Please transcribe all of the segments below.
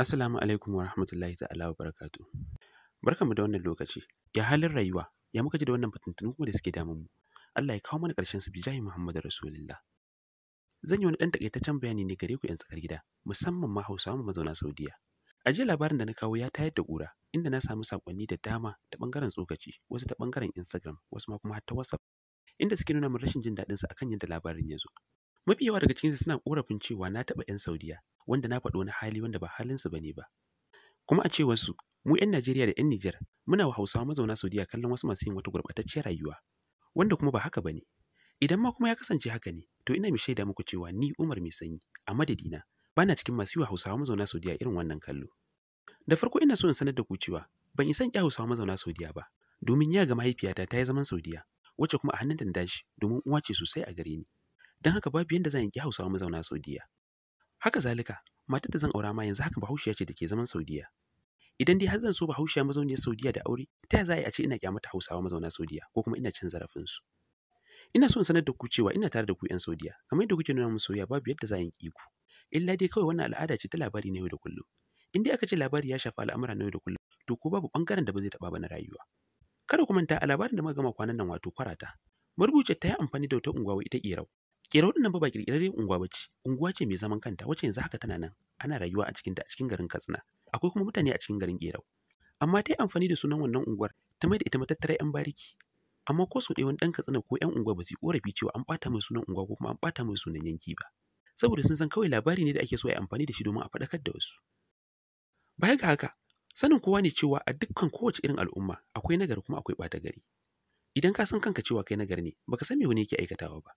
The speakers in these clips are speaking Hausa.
Assalamu alaikum wa rahmatullahi ta'ala wa barakatu. mu da wannan lokaci. Ya halin rayuwa, ya muka ji da wannan fitintunu kuma da suke damun mu. Allah ya kawo mana ƙarshen su bijahi Muhammadu Rasulullah. Zan yi wani ɗan taƙaitaccen bayani ne gare ku 'yan tsakar gida, musamman ma Hausawa mazauna Saudiya. A jiya labarin da na kawo ya tayar da ƙura, inda na samu saƙonni da dama ta ɓangaren tsokaci, wasu ta ɓangaren Instagram, wasu ma kuma har ta WhatsApp. inda suke nuna min rashin jin su akan yadda labarin ya zo. Mafi yawa daga cikinsu suna korafin cewa na taɓa 'yan Saudiya, wanda na faɗo wani hali wanda ba halinsu su ne ba. Kuma a cewarsu, mu 'yan Najeriya da 'yan Nijar muna wa Hausawa mazauna Saudiya kallon wasu masu yin wata gurɓatacciyar rayuwa, wanda kuma ba haka ba ne. Idan ma kuma ya kasance haka ne, to ina mai shaida muku cewa ni Umar mai sanyi a madadina bana cikin masu yi wa Hausawa mazauna Saudiya irin wannan kallo. Da farko ina so in sanar da ku cewa ban isan ƙya Hausawa mazauna Saudiya ba, domin ya ga mahaifiyata ta yi zaman Saudiya, wacce kuma a hannun da na dashi domin uwa ce sosai a gare ni don haka babu yadda zan yanki hausawa mazauna saudiya haka zalika matar da zan aura ma yanzu haka bahaushiya ce da ke zaman saudiya idan dai har zan so bahaushiya mazauniyar saudiya da aure ta ya za a ce ina kyamata hausawa mazauna saudiya ko kuma ina cin zarafinsu ina so in sanar da ku cewa ina tare da ku yan saudiya kamar yadda kuke nuna min soyayya babu yadda za a yanki ku illa dai kawai wannan al'ada ce ta labari na yau da kullum in dai aka ce labari ya shafi al'amura na yau da kullum to ko babu bangaren da ba zai taba ba na rayuwa Kada ku manta a labarin da muka gama kwanan nan wato kwarata. Marubuciyar ta yi amfani da wata unguwa ita Ƙerau. Ƙerau din nan ba ƙirƙirarren unguwa ba ce, unguwa ce mai zaman kanta wacce yanzu haka tana nan, ana rayuwa a ta a cikin garin Katsina. Akwai kuma mutane a cikin garin Ƙerau. Amma ta yi amfani da sunan wannan unguwar ta mai da ita matattara 'yan bariki. Amma ko sau ɗaya wani ɗan Katsina ko 'yan unguwa ba su yi ƙorafi cewa an ɓata mai sunan unguwa ko kuma an ɓata mai sunan yanki ba. Saboda sun san kawai labari ne da ake so a yi amfani da shi domin a faɗakar da wasu. Baya ga haka, Sanin kowa ne cewa a dukkan kowace irin al'umma akwai nagari kuma akwai ɓata gari. Idan ka san kanka cewa kai nagari ne, baka san me wani yake aikatawa ba.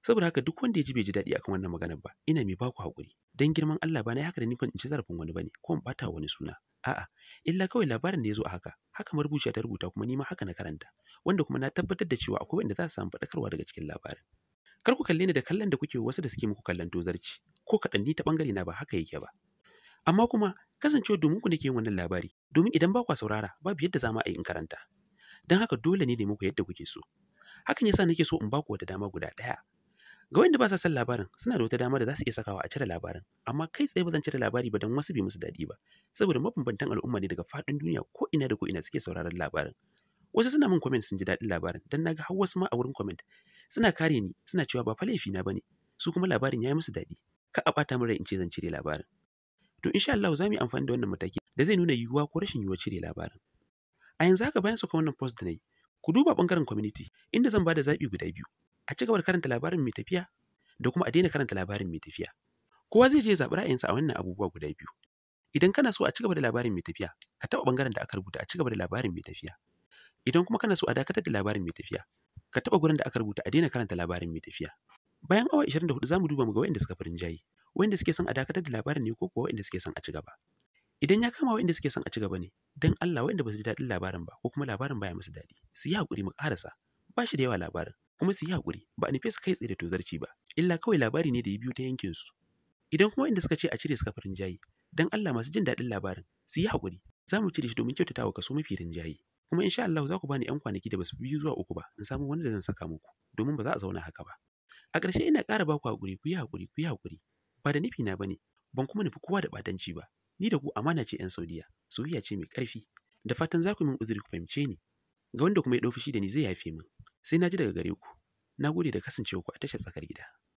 Saboda haka duk wanda ya ji bai ji daɗi akan wannan maganar ba, ina mai baku haƙuri. Dan girman Allah ba na haka da nufin in ci zarafin wani bane ko in ɓata wani suna. A'a, illa kawai labarin da ya zo a haka, haka marubuciya ta rubuta kuma nima haka na karanta, wanda kuma na tabbatar da cewa akwai wanda za su samu faɗakarwa daga cikin labarin. Kar ku kalle ni da kallon da kuke wasu da suke muku kallon tozarci, ko kaɗan ta ɓangare na ba haka yake ba. Amma kuma kasancewa domin ku nake yin wannan labari, domin idan ba kwa saurara babu yadda za mu a yi karanta. Don haka dole ne ne muku yadda kuke so. Hakan yasa nake so in ba ku wata dama guda ɗaya. Ga wanda ba sa san labarin suna da wata dama da za su iya sakawa a cire labarin, amma kai tsaye ba zan cire labari ba don wasu bai musu daɗi ba, saboda mabambantan al'umma ne daga faɗin duniya ko ina da ko ina suke sauraron labarin. Wasu suna min comment sun ji daɗin labarin don na ga har wasu ma a wurin comment suna kare ni suna cewa ba fa na ba ne, su kuma labarin ya yi musu daɗi. Ka a ɓata min rai in ce zan cire labarin. to insha Allah za mu yi amfani da wannan mataki da zai nuna yiwuwa ko rashin yiwuwa cire labarin a yanzu haka bayan saka wannan post da na yi ku duba bangaren community inda zan bada zaɓi guda biyu a ci gaba karanta labarin mai tafiya da kuma a daina karanta labarin mai tafiya kowa zai je zaɓi ra'ayinsa a wannan abubuwa guda biyu idan kana so a ci gaba da labarin mai tafiya ka taɓa bangaren da aka rubuta a ci gaba da labarin mai tafiya idan kuma kana so a dakatar da labarin mai tafiya ka taɓa gurin da aka rubuta a daina karanta labarin mai tafiya bayan awa 24 za mu duba mu ga waɗanda suka fi rinjaye wanda suke son a dakatar da labarin ne ko kuwa wanda suke son a ci gaba idan ya kama wanda suke son a ci gaba ne dan Allah wanda ba su ji daɗin labarin ba ko kuma labarin baya musu daɗi su yi hakuri mu karasa ba shi da yawa labarin kuma su yi hakuri ba a nufe su kai tsaye da tozarci ba illa kawai labari ne da ya biyo ta yankin su idan kuma waɗanda suka ce a cire suka fi rinjaye dan Allah masu jin daɗin labarin su yi hakuri za mu cire shi domin kyautata wa kaso mafi rinjaye kuma insha Allah za ku bani yan kwanaki da basu biyu zuwa uku ba in samu wanda zan saka muku domin ba za a zauna haka ba a ƙarshe ina ƙara ba ku hakuri ku yi hakuri ku yi hakuri ba da nufi na ne. ban kuma nufi kowa da ɓatanci ba ni da ku amana ce yan saudiya soyayya ce mai ƙarfi da fatan za ku min uzuri ku fahimce ni ga wanda kuma ya ɗau fushi da ni zai yafe min sai na ji daga gare ku na gode da kasancewa ku a tashar tsakar gida